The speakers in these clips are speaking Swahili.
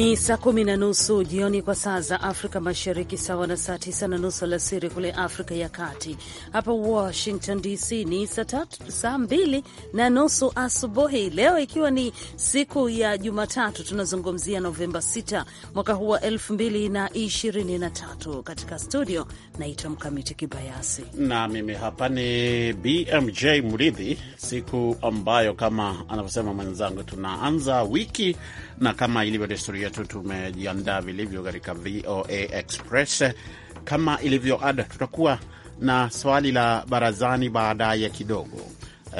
Ni saa kumi na nusu jioni kwa saa za Afrika Mashariki, sawa na saa tisa na nusu alasiri kule Afrika ya Kati. Hapa Washington DC ni saa 2 mbili na nusu asubuhi. Leo ikiwa ni siku ya Jumatatu, tunazungumzia Novemba 6 mwaka huu wa 223 Katika studio naitwa Mkamiti Kibayasi na mimi hapa ni BMJ Mridhi, siku ambayo kama anavyosema mwenzangu tunaanza wiki na kama ilivyo desturi yetu, tumejiandaa vilivyo katika VOA Express. Kama ilivyo ada, tutakuwa na swali la barazani baadaye kidogo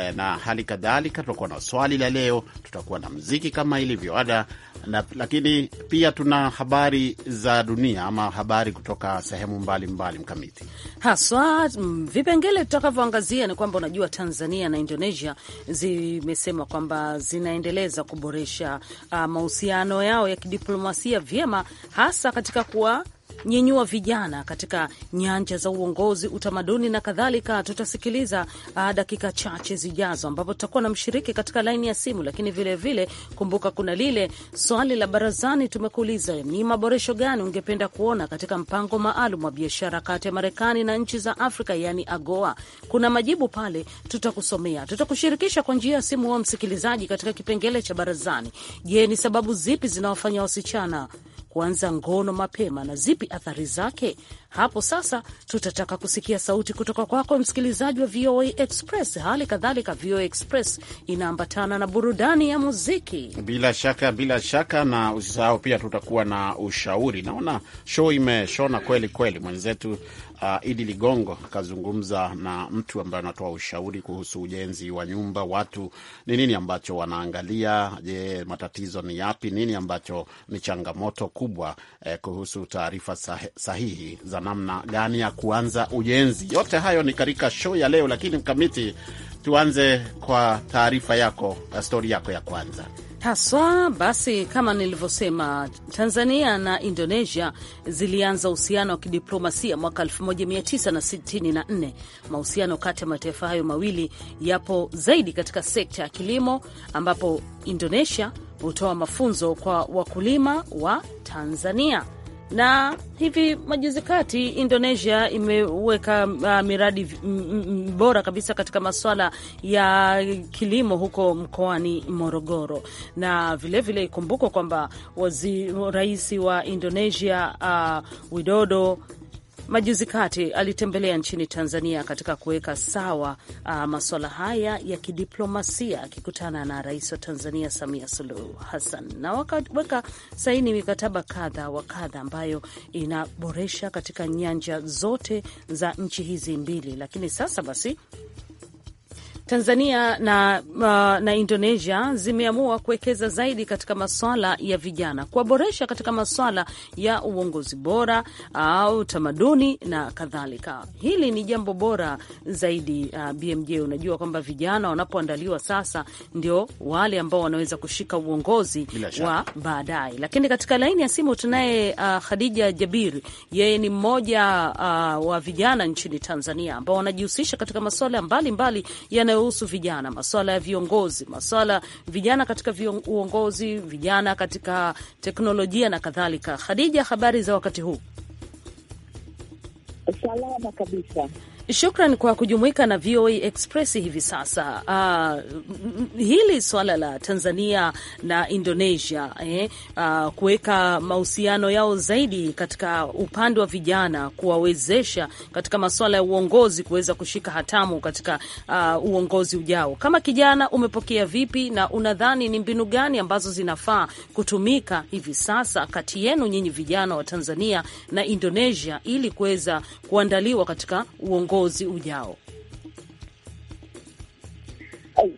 Eh, na hali kadhalika tutakuwa na swali la leo, tutakuwa na mziki kama ilivyo ada na, lakini pia tuna habari za dunia ama habari kutoka sehemu mbalimbali mkamiti haswa. Mm, vipengele tutakavyoangazia ni kwamba unajua, Tanzania na Indonesia zimesema kwamba zinaendeleza kuboresha uh, mahusiano yao ya kidiplomasia vyema, hasa katika kuwa nyenyua vijana katika nyanja za uongozi, utamaduni na kadhalika. Tutasikiliza ah, dakika chache zijazo, ambapo tutakuwa na mshiriki katika laini ya simu, lakini vilevile vile, kumbuka kuna lile swali la barazani. Tumekuuliza ni maboresho gani ungependa kuona katika mpango maalum wa biashara kati ya Marekani na nchi za Afrika, yani AGOA. Kuna majibu pale, tutakusomea, tutakushirikisha kwa njia ya simu, wa msikilizaji, katika kipengele cha barazani. Je, ni sababu zipi zinawafanya wasichana kuanza ngono mapema na zipi athari zake? Hapo sasa tutataka kusikia sauti kutoka kwako msikilizaji wa VOA Express. Hali kadhalika VOA Express inaambatana na burudani ya muziki, bila shaka, bila shaka, na usisahau pia tutakuwa na ushauri. Naona show imeshona kweli kweli, mwenzetu uh, Idi Ligongo akazungumza na mtu ambaye anatoa ushauri kuhusu ujenzi wa nyumba. Watu ni nini ambacho wanaangalia? Je, matatizo ni yapi? Nini ambacho ni changamoto kubwa eh, kuhusu taarifa sahihi za namna gani ya kuanza ujenzi? Yote hayo ni katika show ya leo, lakini Mkamiti, tuanze kwa taarifa yako, stori yako ya kwanza. Haswa basi, kama nilivyosema, Tanzania na Indonesia zilianza uhusiano wa kidiplomasia mwaka 1964. Mahusiano kati ya mataifa hayo mawili yapo zaidi katika sekta ya kilimo, ambapo Indonesia hutoa mafunzo kwa wakulima wa Tanzania na hivi majuzi kati Indonesia imeweka uh, miradi bora kabisa katika maswala ya kilimo huko mkoani Morogoro, na vilevile ikumbukwa kwamba rais wa Indonesia uh, Widodo majuzi kati alitembelea nchini Tanzania katika kuweka sawa uh, masuala haya ya kidiplomasia akikutana na rais wa Tanzania Samia Suluhu Hassan, na wakaweka saini mikataba kadha wa kadha ambayo inaboresha katika nyanja zote za nchi hizi mbili. Lakini sasa basi Tanzania na, uh, na Indonesia zimeamua kuwekeza zaidi katika maswala ya vijana, kuwaboresha katika maswala ya uongozi bora au uh, utamaduni na kadhalika. Hili ni jambo bora zaidi. Uh, BMJ, unajua kwamba vijana wanapoandaliwa sasa ndio wale ambao wanaweza kushika uongozi wa baadaye. Lakini katika laini ya simu tunaye uh, Khadija Jabiri, yeye ni mmoja uh, wa vijana nchini Tanzania ambao wanajihusisha katika maswala mbalimbali yanayo yanayohusu vijana, maswala ya viongozi, maswala vijana katika uongozi, vijana katika teknolojia na kadhalika. Khadija, habari za wakati huu? Salama kabisa. Shukran kwa kujumuika na VOA Express hivi sasa. Uh, hili swala la Tanzania na Indonesia eh, uh, kuweka mahusiano yao zaidi katika upande wa vijana, kuwawezesha katika masuala ya uongozi kuweza kushika hatamu katika uh, uongozi ujao. Kama kijana umepokea vipi, na unadhani ni mbinu gani ambazo zinafaa kutumika hivi sasa kati yenu nyinyi vijana wa Tanzania na Indonesia ili kuweza kuandaliwa katika uongozi uongozi ujao?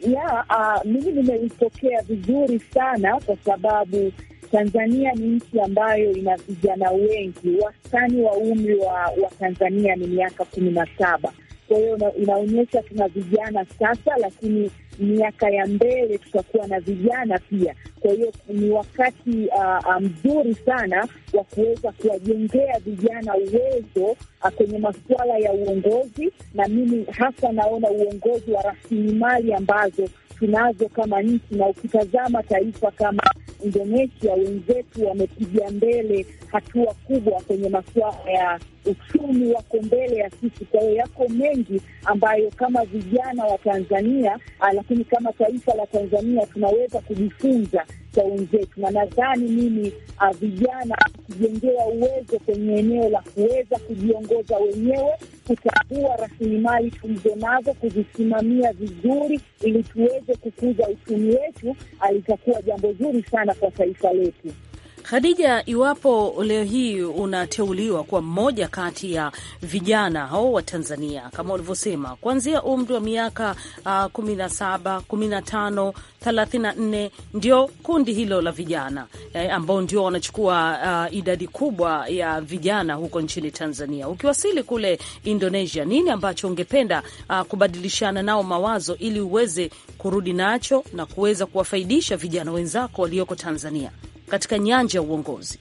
Yeah, uh, mimi nimeipokea vizuri sana kwa sababu Tanzania ni nchi ambayo ina vijana wengi. Wastani wa umri wa, wa Tanzania ni miaka kumi na saba. Kwa hiyo inaonyesha tuna vijana sasa, lakini miaka ya mbele tutakuwa na vijana pia. Kwa hiyo ni wakati uh, uh mzuri sana wa kuweza kuwajengea vijana uwezo uh, kwenye masuala ya uongozi, na mimi hasa naona uongozi wa rasilimali ambazo tunazo kama nchi, na ukitazama taifa kama Indonesia, wenzetu wamepiga mbele hatua kubwa kwenye masuala ya uchumi, wako mbele ya sisi. Kwa hiyo yako mengi ambayo kama vijana wa Tanzania, ah, lakini kama taifa la Tanzania tunaweza kujifunza cha wenzetu, na nadhani mimi ah, vijana kujengewa uwezo kwenye eneo la kuweza kujiongoza wenyewe kutambua rasilimali tulizo nazo, kuzisimamia vizuri, ili tuweze kukuza uchumi wetu, alitakuwa jambo zuri sana kwa taifa letu. Khadija, iwapo leo hii unateuliwa kuwa mmoja kati ya vijana hao wa Tanzania kama ulivyosema, kuanzia umri wa miaka uh, kumi na saba, kumi na tano, na nne ndio kundi hilo la vijana eh, ambao ndio wanachukua uh, idadi kubwa ya vijana huko nchini Tanzania. Ukiwasili kule Indonesia, nini ambacho ungependa uh, kubadilishana nao mawazo ili uweze kurudi nacho na kuweza kuwafaidisha vijana wenzako walioko Tanzania? katika nyanja ya uongozi?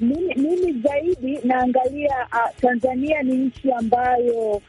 Mimi, mimi zaidi naangalia uh, Tanzania ni nchi ambayo uh,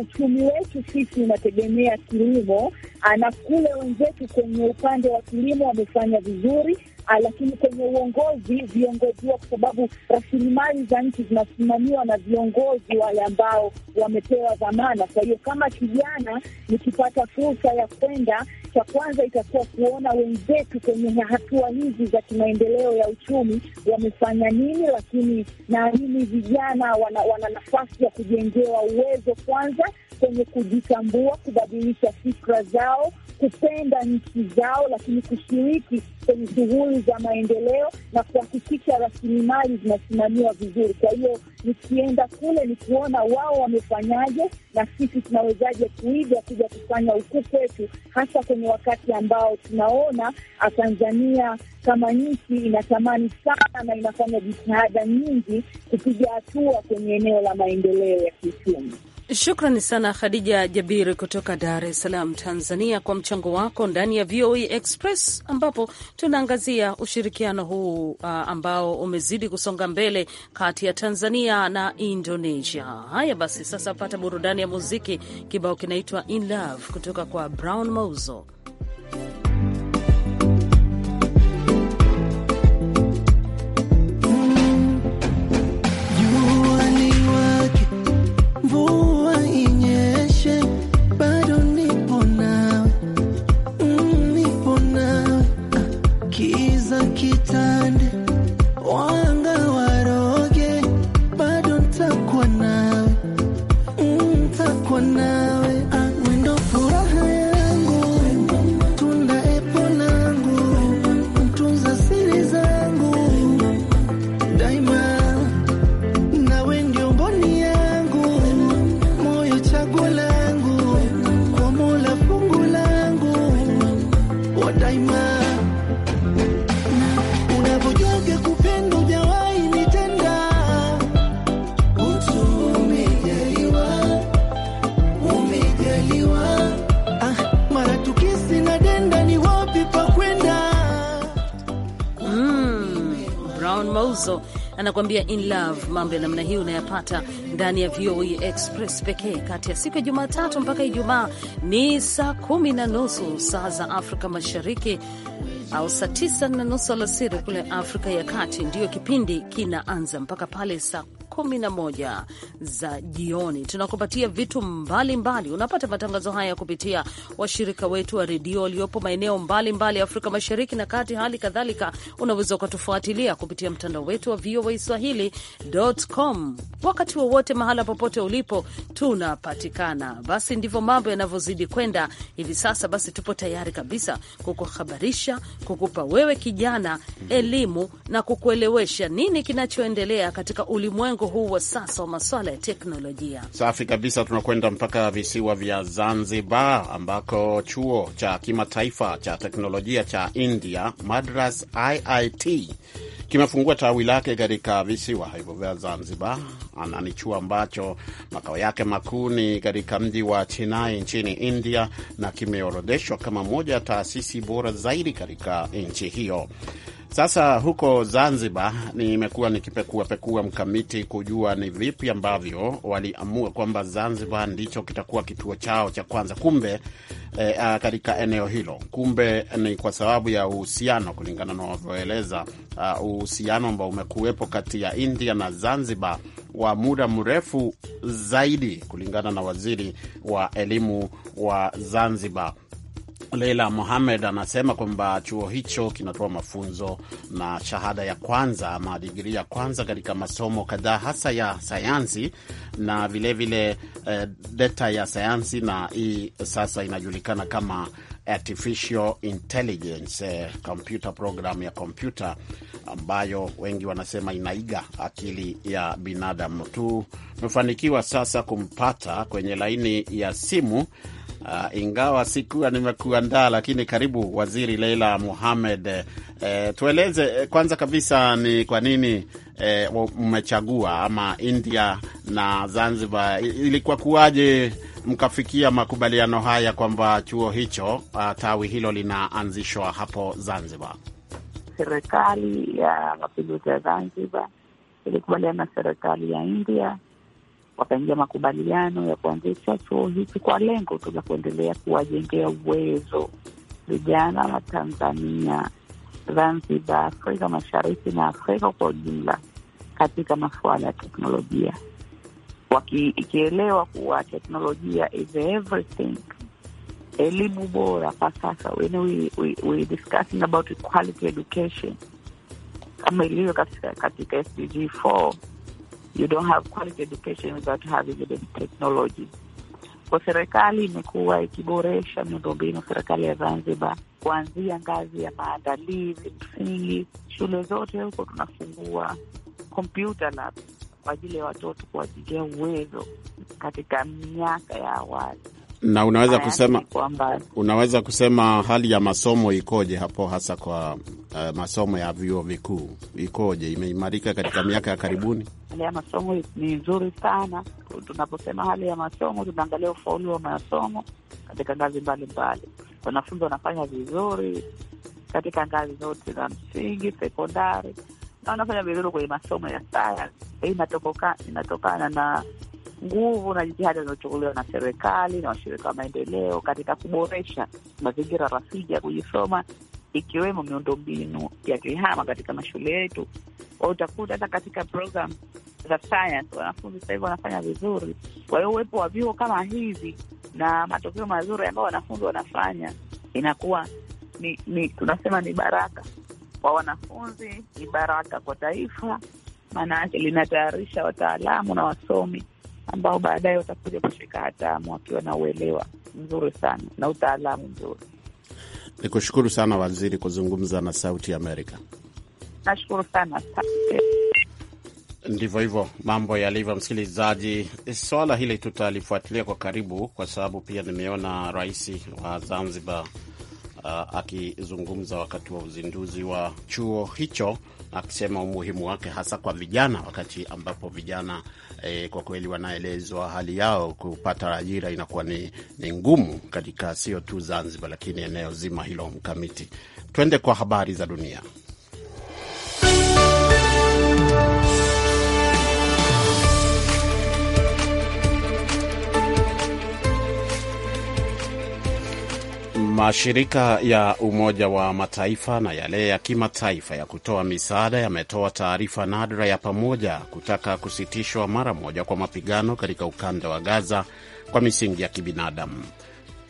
uchumi wetu sisi unategemea kilimo uh, na kule wenzetu kwenye upande wa kilimo wamefanya vizuri Ah, lakini kwenye uongozi viongoziwa, kwa sababu rasilimali za nchi zinasimamiwa na viongozi wale ambao wamepewa dhamana. Kwa hiyo kama kijana nikipata fursa ya kwenda, cha kwanza itakuwa kuona wenzetu kwenye hatua hizi za kimaendeleo ya uchumi wamefanya nini, lakini naamini vijana wana, wana nafasi ya kujengewa uwezo kwanza kwenye kujitambua, kubadilisha fikra zao, kupenda nchi zao, lakini kushiriki kwenye shughuli za maendeleo na kuhakikisha rasilimali zinasimamiwa vizuri. Kwa hiyo nikienda kule ni kuona wao wamefanyaje na sisi tunawezaje kuiga kuja kufanya huku kwetu, hasa kwenye wakati ambao tunaona Tanzania kama nchi inatamani sana na inafanya jitihada nyingi kupiga hatua kwenye eneo la maendeleo ya kiuchumi. Shukrani sana Khadija Jabiri kutoka Dar es Salaam, Tanzania, kwa mchango wako ndani ya VOA e Express ambapo tunaangazia ushirikiano huu uh, ambao umezidi kusonga mbele kati ya Tanzania na Indonesia. Haya basi, sasa pata burudani ya muziki. Kibao kinaitwa In Love kutoka kwa Brown Mauzo. anakuambia in love. Mambo ya namna hii unayapata ndani ya VOA e Express pekee kati ya siku ya Jumatatu mpaka Ijumaa ni saa kumi na nusu saa za Afrika Mashariki au saa tisa na nusu alasiri kule Afrika ya Kati, ndiyo kipindi kinaanza mpaka pale saa 11 za jioni. Tunakupatia vitu mbalimbali mbali. Unapata matangazo haya kupitia washirika wetu wa redio waliopo maeneo mbalimbali ya Afrika Mashariki na Kati. Hali kadhalika unaweza ukatufuatilia kupitia mtandao wetu wa VOA Swahili.com wakati wowote, mahala popote ulipo, tunapatikana. Basi ndivyo mambo yanavyozidi kwenda hivi sasa. Basi tupo tayari kabisa kukuhabarisha, kukupa wewe kijana elimu na kukuelewesha nini kinachoendelea katika ulimwengu huu wa sasa wa maswala ya teknolojia. Safi kabisa, tunakwenda mpaka visiwa vya Zanzibar ambako chuo cha kimataifa cha teknolojia cha India Madras IIT kimefungua tawi lake katika visiwa hivyo vya Zanzibar, ananichua ambacho makao yake makuu ni katika mji wa Chennai nchini India, na kimeorodheshwa kama moja ya taasisi bora zaidi katika nchi hiyo. Sasa huko Zanzibar nimekuwa nikipekuapekua mkamiti kujua ni vipi ambavyo waliamua kwamba Zanzibar ndicho kitakuwa kituo chao cha kwanza. Kumbe e, katika eneo hilo, kumbe ni kwa sababu ya uhusiano, kulingana na wanavyoeleza, ah, uhusiano ambao umekuwepo kati ya India na Zanzibar wa muda mrefu zaidi, kulingana na waziri wa elimu wa Zanzibar Leila Mohamed anasema kwamba chuo hicho kinatoa mafunzo na shahada ya kwanza ama digrii ya kwanza katika masomo kadhaa hasa ya sayansi na vilevile vile, eh, data ya sayansi na hii sasa inajulikana kama artificial intelligence eh, computer program ya kompyuta ambayo wengi wanasema inaiga akili ya binadamu. Tumefanikiwa sasa kumpata kwenye laini ya simu. Uh, ingawa sikuwa nimekuandaa lakini karibu Waziri Leila Mohamed. Uh, tueleze eh, kwanza kabisa ni kwa nini eh, mmechagua ama India na Zanzibar, ilikuwa kuwaje mkafikia makubaliano haya kwamba chuo hicho uh, tawi hilo linaanzishwa hapo Zanzibar? Serikali ya mapinduzi ya Zanzibar ilikubaliana na serikali ya India wakaingia makubaliano ya kuanzisha chuo hiki kwa lengo tu la kuendelea kuwajengea uwezo vijana wa Tanzania, Zanzibar, Afrika Mashariki na Afrika kwa ujumla katika masuala ya teknolojia, ikielewa kuwa teknolojia is everything. Elimu bora kwa sasa, when we, we, we discussing about quality education kama ilivyo katika, katika SDG 4 you don't have quality education without having the technology. Kwa serikali imekuwa ikiboresha miundombinu, serikali ya Zanzibar, kuanzia ngazi ya maandalizi msingi. Shule zote huko tunafungua kompyuta lab kwa ajili ya watoto kuwajilia uwezo katika miaka ya awali na unaweza kusema, unaweza kusema hali ya masomo ikoje hapo, hasa kwa uh, masomo ya vyuo vikuu ikoje? Imeimarika katika miaka ya karibuni? Hali ya masomo ni nzuri sana. Tunaposema hali ya masomo, tunaangalia ufaulu wa masomo katika ngazi mbalimbali. Wanafunzi wanafanya vizuri katika ngazi zote za msingi, sekondari, na wanafanya vizuri kwenye masomo ya sayansi. Hii inatokana na nguvu na jitihada zinazochukuliwa na serikali na washirika wa maendeleo katika kuboresha mazingira rafiki ya kujisoma ikiwemo miundombinu ya tehama katika mashule yetu. Utakuta hata katika program za science wanafunzi sasa hivi wanafanya vizuri. Kwa hiyo uwepo wa vyuo kama hivi na matokeo mazuri ambayo wanafunzi wanafanya inakuwa ni, ni tunasema ni baraka kwa wanafunzi, ni baraka kwa taifa, maana yake linatayarisha wataalamu na wasomi ambao baadaye watakuja kushika hatamu wakiwa na uelewa mzuri sana na utaalamu mzuri. Ni kushukuru sana waziri kuzungumza na Sauti Amerika. Nashukuru sana. Ndivyo hivyo mambo yalivyo, msikilizaji. Swala hili tutalifuatilia kwa karibu, kwa sababu pia nimeona rais wa Zanzibar uh, akizungumza wakati wa uzinduzi wa chuo hicho akisema umuhimu wake hasa kwa vijana, wakati ambapo vijana e, kwa kweli wanaelezwa hali yao kupata ajira inakuwa ni, ni ngumu katika sio tu Zanzibar, lakini eneo zima hilo mkamiti. Twende kwa habari za dunia. Mashirika ya Umoja wa Mataifa na yale ya kimataifa ya kutoa misaada yametoa taarifa nadra ya pamoja kutaka kusitishwa mara moja kwa mapigano katika ukanda wa Gaza kwa misingi ya kibinadamu.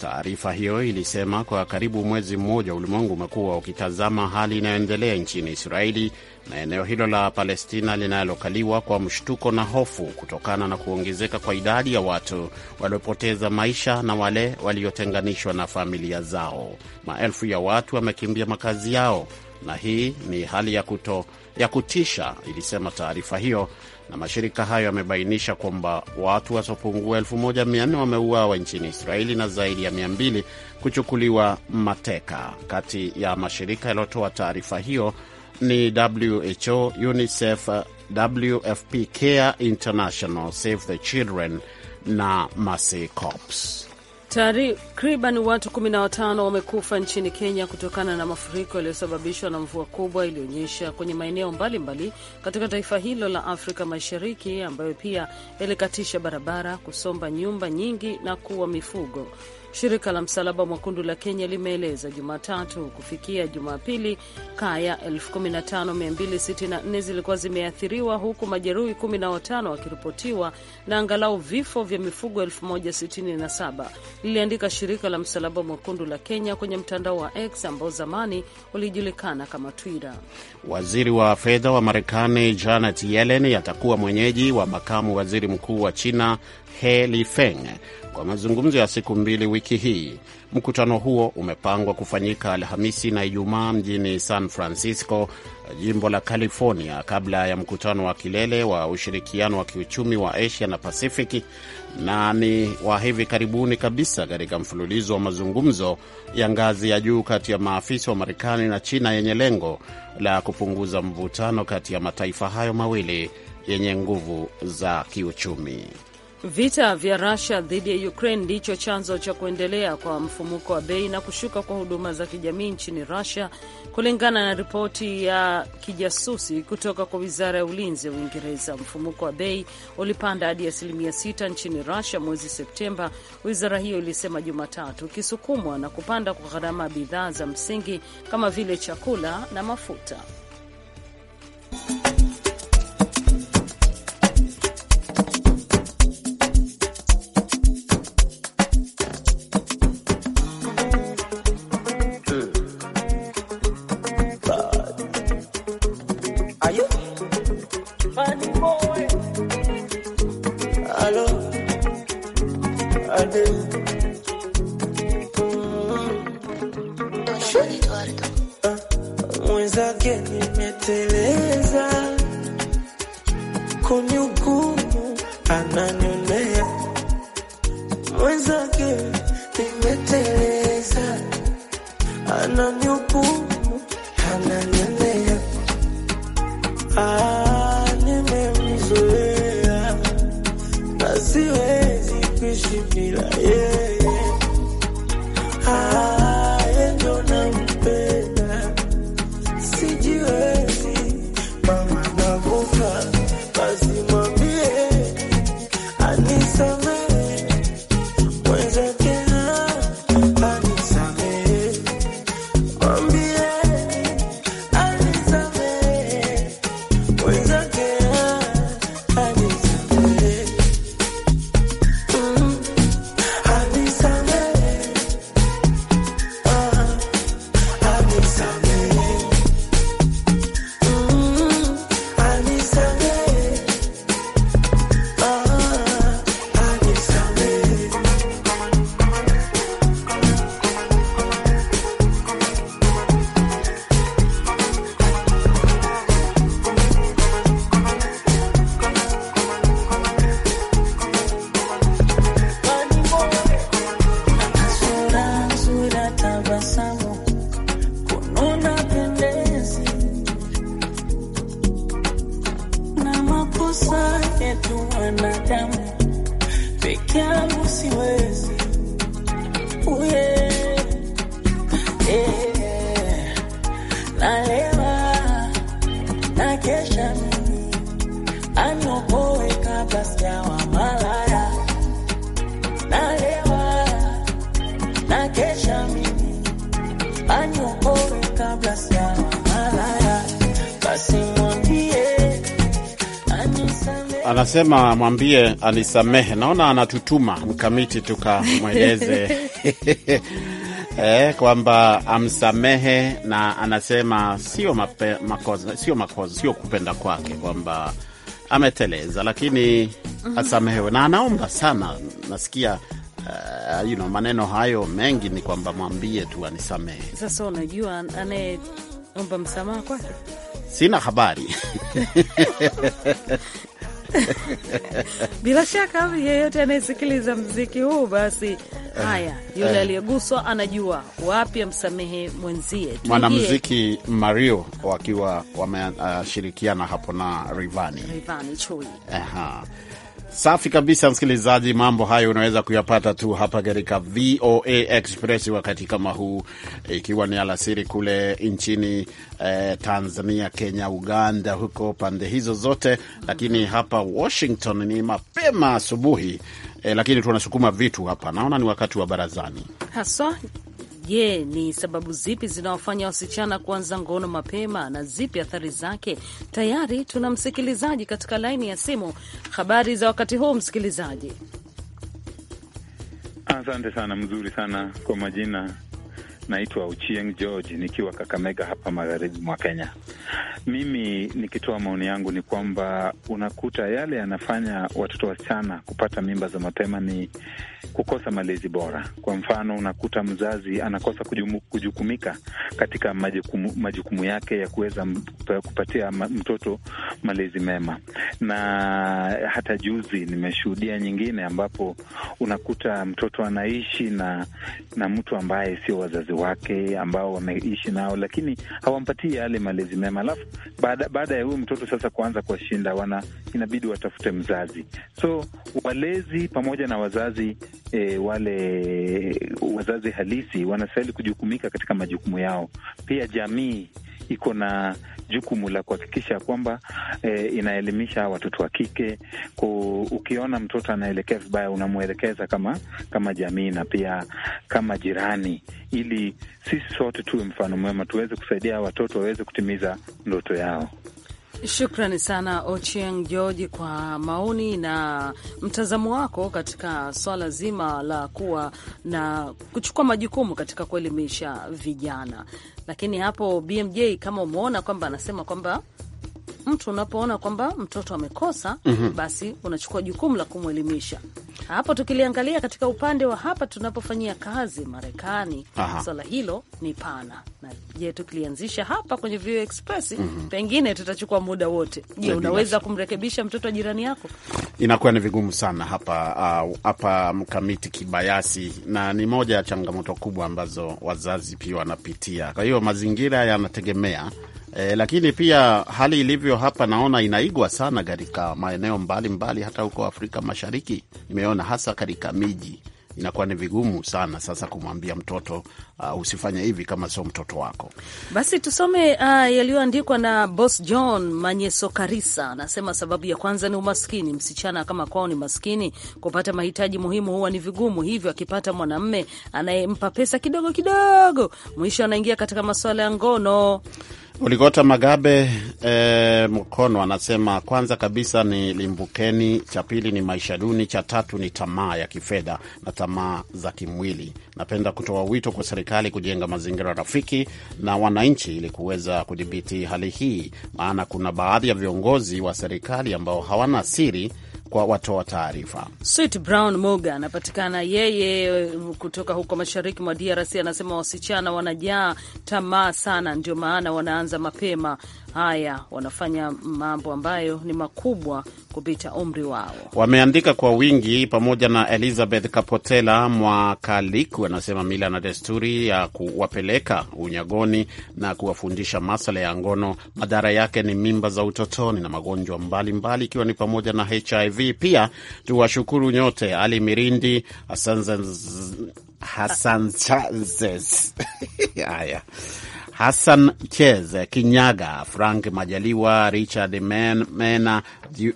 Taarifa hiyo ilisema kwa karibu mwezi mmoja ulimwengu umekuwa ukitazama hali inayoendelea nchini Israeli na eneo hilo la Palestina linalokaliwa kwa mshtuko na hofu kutokana na kuongezeka kwa idadi ya watu waliopoteza maisha na wale waliotenganishwa na familia zao. Maelfu ya watu wamekimbia makazi yao, na hii ni hali ya kuto ya kutisha, ilisema taarifa hiyo na mashirika hayo yamebainisha kwamba watu wasiopungua 1400 wameuawa nchini Israeli na zaidi ya 200 kuchukuliwa mateka. Kati ya mashirika yaliyotoa taarifa hiyo ni WHO, UNICEF, WFP Care International, Save the Children na Mercy Corps. Takriban watu 15 wamekufa nchini Kenya kutokana na mafuriko yaliyosababishwa na mvua kubwa iliyonyesha kwenye maeneo mbalimbali katika taifa hilo la Afrika Mashariki, ambayo pia yalikatisha barabara, kusomba nyumba nyingi na kuua mifugo. Shirika la Msalaba Mwekundu la Kenya limeeleza Jumatatu kufikia Jumapili, kaya 15264 zilikuwa zimeathiriwa huku majeruhi 15 wakiripotiwa na angalau vifo vya mifugo 1067, liliandika shirika la Msalaba Mwekundu la Kenya kwenye mtandao wa X ambao zamani ulijulikana kama Twitter. Waziri wa fedha wa Marekani Janet Yellen atakuwa mwenyeji wa makamu waziri mkuu wa China He Lifeng kwa mazungumzo ya siku mbili wiki hii. Mkutano huo umepangwa kufanyika Alhamisi na Ijumaa mjini San Francisco, jimbo la California, kabla ya mkutano wa kilele wa ushirikiano wa kiuchumi wa Asia na Pacific, na ni wa hivi karibuni kabisa katika mfululizo wa mazungumzo ya ngazi ya juu kati ya maafisa wa Marekani na China yenye lengo la kupunguza mvutano kati ya mataifa hayo mawili yenye nguvu za kiuchumi. Vita vya rasia dhidi ya Ukraine ndicho chanzo cha kuendelea kwa mfumuko wa bei na kushuka kwa huduma za kijamii nchini Russia, kulingana na ripoti ya kijasusi kutoka kwa wizara ya ulinzi ya Uingereza. Mfumuko wa bei ulipanda hadi asilimia sita nchini rusia mwezi Septemba, wizara hiyo ilisema Jumatatu, ikisukumwa na kupanda kwa gharama ya bidhaa za msingi kama vile chakula na mafuta. I do. anasema mwambie anisamehe. Naona anatutuma mkamiti tukamweleze eh, kwamba amsamehe, na anasema sio makosa, sio makosa, sio kupenda kwake kwamba ameteleza, lakini mhm. asamehewe na anaomba sana. Nasikia uh, you know, maneno hayo mengi ni kwamba mwambie tu anisamehe. Sasa unajua anayeomba msamaha kwake sina habari Bila shaka yeyote anayesikiliza mziki huu basi Haya, eh, yule eh, aliyeguswa anajua wapi amsamehe mwenzie. mwanamziki Mario wakiwa wameshirikiana uh, hapo na Rivani, Rivani Safi kabisa, msikilizaji, mambo hayo unaweza kuyapata tu hapa katika VOA Express wakati kama huu, ikiwa ni alasiri kule nchini eh, Tanzania, Kenya, Uganda, huko pande hizo zote, lakini hapa Washington ni mapema asubuhi eh, lakini tunasukuma vitu hapa. Naona ni wakati wa barazani haswa Je, ni sababu zipi zinawafanya wasichana kuanza ngono mapema na zipi athari zake? Tayari tuna msikilizaji katika laini ya simu. Habari za wakati huu, msikilizaji? Asante sana, mzuri sana kwa majina naitwa Uchieng George nikiwa Kakamega hapa magharibi mwa Kenya. Mimi nikitoa maoni yangu ni kwamba unakuta yale yanafanya watoto wasichana kupata mimba za mapema ni kukosa malezi bora. Kwa mfano, unakuta mzazi anakosa kujumu, kujukumika katika majukumu, majukumu yake ya kuweza kupatia mtoto malezi mema, na hata juzi nimeshuhudia nyingine ambapo unakuta mtoto anaishi na na mtu ambaye sio wazazi wake ambao wameishi nao, lakini hawampatii yale malezi mema. Alafu baada baada ya huyu mtoto sasa kuanza kuwashinda, wana inabidi watafute mzazi. So walezi pamoja na wazazi e, wale wazazi halisi wanastahili kujukumika katika majukumu yao. Pia jamii iko na jukumu la kuhakikisha kwamba e, inaelimisha watoto wa kike. Ukiona mtoto anaelekea vibaya, unamwelekeza kama kama jamii na pia kama jirani, ili sisi sote tuwe mfano mwema, tuweze kusaidia watoto waweze kutimiza ndoto yao. Shukrani sana Ochieng George kwa maoni na mtazamo wako katika swala zima la kuwa na kuchukua majukumu katika kuelimisha vijana. Lakini hapo BMJ, kama umeona kwamba anasema kwamba mtu unapoona kwamba mtoto amekosa, mm -hmm. basi unachukua jukumu la kumwelimisha hapo tukiliangalia katika upande wa hapa tunapofanyia kazi Marekani, swala hilo ni pana. Na je, tukilianzisha hapa kwenye Vio Express mm -hmm. pengine tutachukua muda wote. Je, unaweza kumrekebisha mtoto wa jirani yako? Inakuwa ni vigumu sana hapa uh, hapa mkamiti kibayasi, na ni moja ya changamoto kubwa ambazo wazazi pia wanapitia. Kwa hiyo mazingira yanategemea E, lakini pia hali ilivyo hapa naona inaigwa sana katika maeneo mbalimbali mbali, hata huko Afrika Mashariki nimeona hasa katika miji inakuwa ni vigumu sana sasa kumwambia mtoto uh, usifanye hivi kama sio mtoto wako. Basi tusome uh, yaliyoandikwa na Boss John Manyeso Karisa. Anasema sababu ya kwanza ni umaskini. Msichana kama kwao ni maskini, kupata mahitaji muhimu huwa ni vigumu, hivyo akipata mwanamme anayempa pesa kidogo kidogo, mwisho anaingia katika masuala ya ngono. Uligota Magabe eh, Mkono anasema kwanza kabisa ni limbukeni, cha pili ni maisha duni, cha tatu ni tamaa ya kifedha na tamaa za kimwili. Napenda kutoa wito kwa serikali kujenga mazingira rafiki na wananchi ili kuweza kudhibiti hali hii, maana kuna baadhi ya viongozi wa serikali ambao hawana siri kwa watoa taarifa. Sweet Brown Moga anapatikana yeye kutoka huko mashariki mwa DRC, anasema wasichana wanajaa tamaa sana, ndio maana wanaanza mapema haya, wanafanya mambo ambayo ni makubwa kupita umri wao. Wameandika kwa wingi, pamoja na Elizabeth Kapotela Mwakaliku anasema mila na desturi ya kuwapeleka unyagoni na kuwafundisha masala ya ngono, madhara yake ni mimba za utotoni na magonjwa mbalimbali, ikiwa ni pamoja na HIV pia tuwashukuru nyote, Ali Mirindi, Hasan Chazes haya Hassan Kinyaga, Frank Majaliwa, Richard Men, Mena Ju,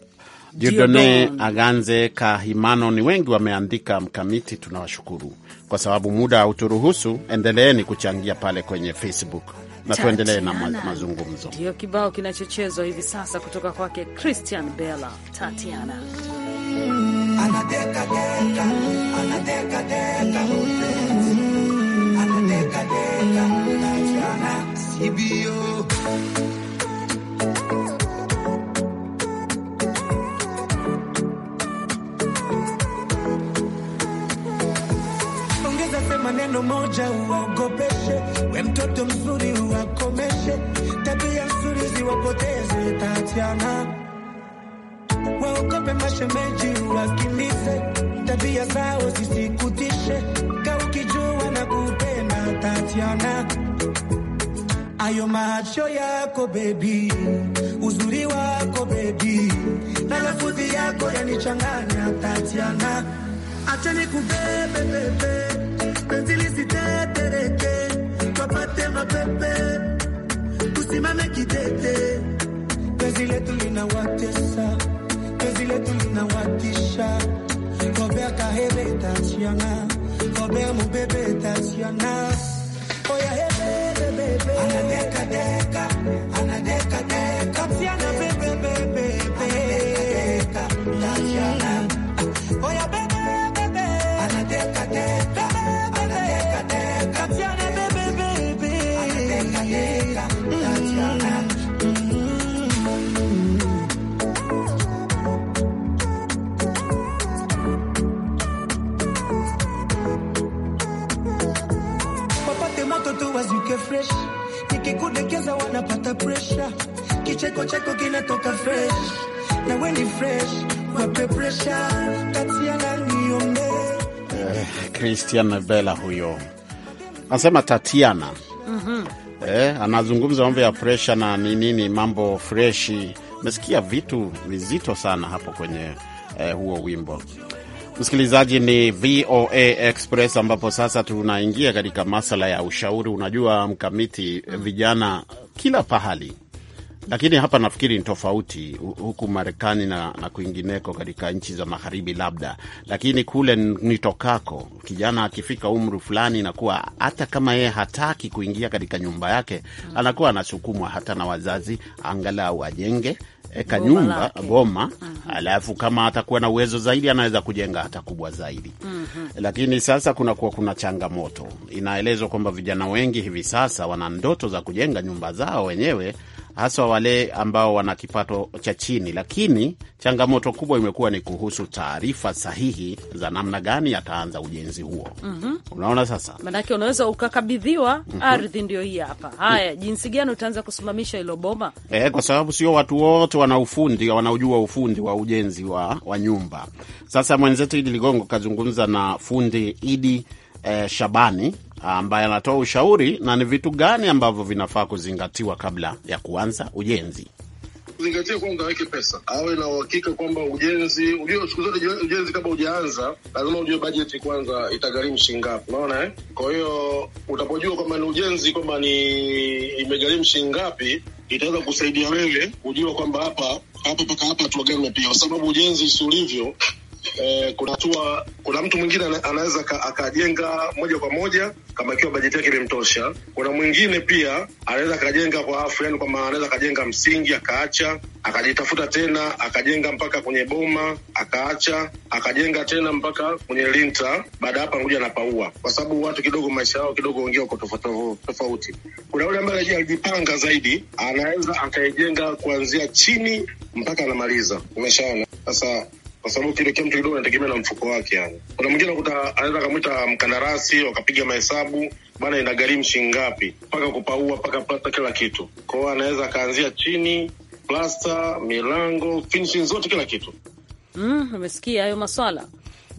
Judone Aganze Kahimano, ni wengi wameandika mkamiti. Tunawashukuru kwa sababu muda hauturuhusu. Endeleeni kuchangia pale kwenye Facebook na tuendelee na mazungumzo. Ndio kibao kinachochezwa hivi sasa kutoka kwake Christian Bella, Tatiana. neno moja uwaogopeshe, we mtoto mzuri uwakomeshe, tabia nzuri ziwapoteze Tatiana. Waogope mashemeji uwakilize, tabia zao zisikutishe, ukijua na kupenda Tatiana. Ayo macho yako bebi, uzuri wako bebi, na lafudhi yako yanichanganya Tatiana. Acheni kubebebebe bebe Penzi lisitetereke, twapate mapepe, tusimame kidete. Penzi letu linawatesa, penzi letu linawatisha. Robert Kahebe Tatiana, Robert Mubebe Tatiana, oya hebe bebe, anadeka deka Tatiana Bella huyo anasema Tatiana mm -hmm. Eh, anazungumza mambo ya presha na ni nini, mambo freshi. Mesikia vitu vizito sana hapo kwenye eh, huo wimbo. Msikilizaji, ni VOA Express ambapo sasa tunaingia katika masala ya ushauri. Unajua mkamiti, mm. vijana kila pahali lakini hapa nafikiri ni tofauti huku Marekani na, na kwingineko katika nchi za magharibi labda, lakini kule nitokako kijana akifika umri fulani inakuwa hata kama yeye hataki kuingia katika nyumba yake mm, anakuwa anasukumwa hata na wazazi angalau ajenge eka nyumba boma, mm-hmm. alafu kama atakuwa na uwezo zaidi anaweza kujenga hata kubwa zaidi. mm -hmm. Lakini sasa kunakuwa kuna changamoto, inaelezwa kwamba vijana wengi hivi sasa wana ndoto za kujenga nyumba zao wenyewe haswa wale ambao wana kipato cha chini, lakini changamoto kubwa imekuwa ni kuhusu taarifa sahihi za namna gani ataanza ujenzi huo. mm -hmm. Unaona sasa, manake unaweza ukakabidhiwa mm -hmm. ardhi ndio hii hapa, haya jinsi gani utaanza kusimamisha hilo boma e, kwa sababu sio watu wote wana ufundi, wanaojua ufundi wa ujenzi wa, wa nyumba. Sasa mwenzetu Idi Ligongo kazungumza na fundi Idi eh, Shabani ambaye anatoa ushauri na ni vitu gani ambavyo vinafaa kuzingatiwa kabla ya kuanza ujenzi. Zingatia kwanza, aweke pesa, awe na uhakika kwamba ujenzi, ujue siku zote ujenzi kabla ujaanza, lazima ujue bajeti kwanza itagharimu shilingi ngapi, unaona eh? Kwa hiyo utapojua kwamba ni ujenzi, kwamba ni imegharimu shilingi ngapi, itaweza kusaidia wewe kujua kwamba hapa hapa mpaka hapa hatua gani kwa sababu ujenzi si ulivyo eh, kuna hatua, kuna mtu mwingine anaweza akajenga moja kwa moja kama ikiwa bajeti yake imemtosha. Kuna mwingine pia anaweza akajenga kwa afu, yani maana anaweza akajenga msingi akaacha, akajitafuta tena akajenga mpaka kwenye boma akaacha, akajenga tena mpaka kwenye linta, baada ya hapa anakuja paua, kwa sababu watu kidogo maisha yao kidogo wengine wako tofauti. Kuna yule ambaye alijipanga zaidi, anaweza akaijenga kuanzia chini mpaka anamaliza. Umeshaona sasa kwa sababu kile kitu kidogo inategemea na mfuko wake. Yani kuna mwingine anakuta anaweza akamwita mkandarasi, wakapiga mahesabu bana, inagharimu shilingi ngapi, mpaka kupaua mpaka plasta, kila kitu Kwa hiyo Anaweza akaanzia chini, plasta, milango, finishing zote, kila kitu. Mm, umesikia hayo maswala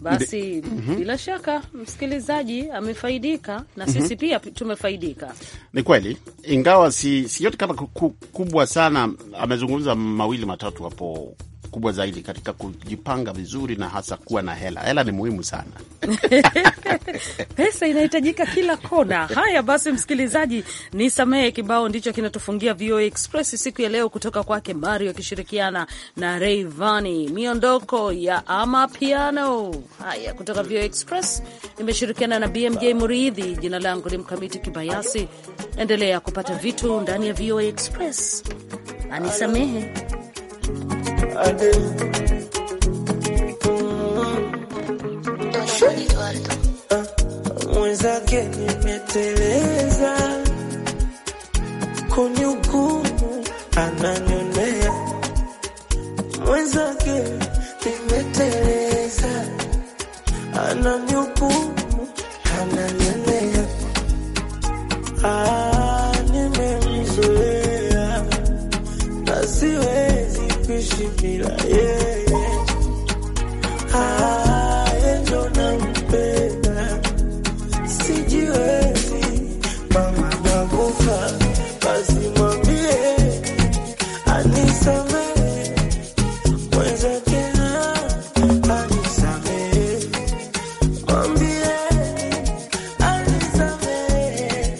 basi mm -hmm. Bila shaka msikilizaji amefaidika na mhm. sisi mm -hmm. Pia tumefaidika, ni kweli, ingawa si, si yote kama kubwa sana. Amezungumza mawili matatu hapo kubwa zaidi katika kujipanga vizuri na hasa kuwa na hela. Hela ni muhimu sana pesa inahitajika kila kona. Haya basi, msikilizaji, ni samehe kibao ndicho kinatufungia VOA Express siku ya leo, kutoka kwake Mario akishirikiana na Rayvanny, miondoko ya Amapiano. Haya, kutoka VOA Express nimeshirikiana na BMJ Muridhi. Jina langu ni Mkamiti Kibayasi. Endelea kupata vitu ndani ya VOA Express. Anisamehe. Hello mwenzake nimeteleza kunihukumu anani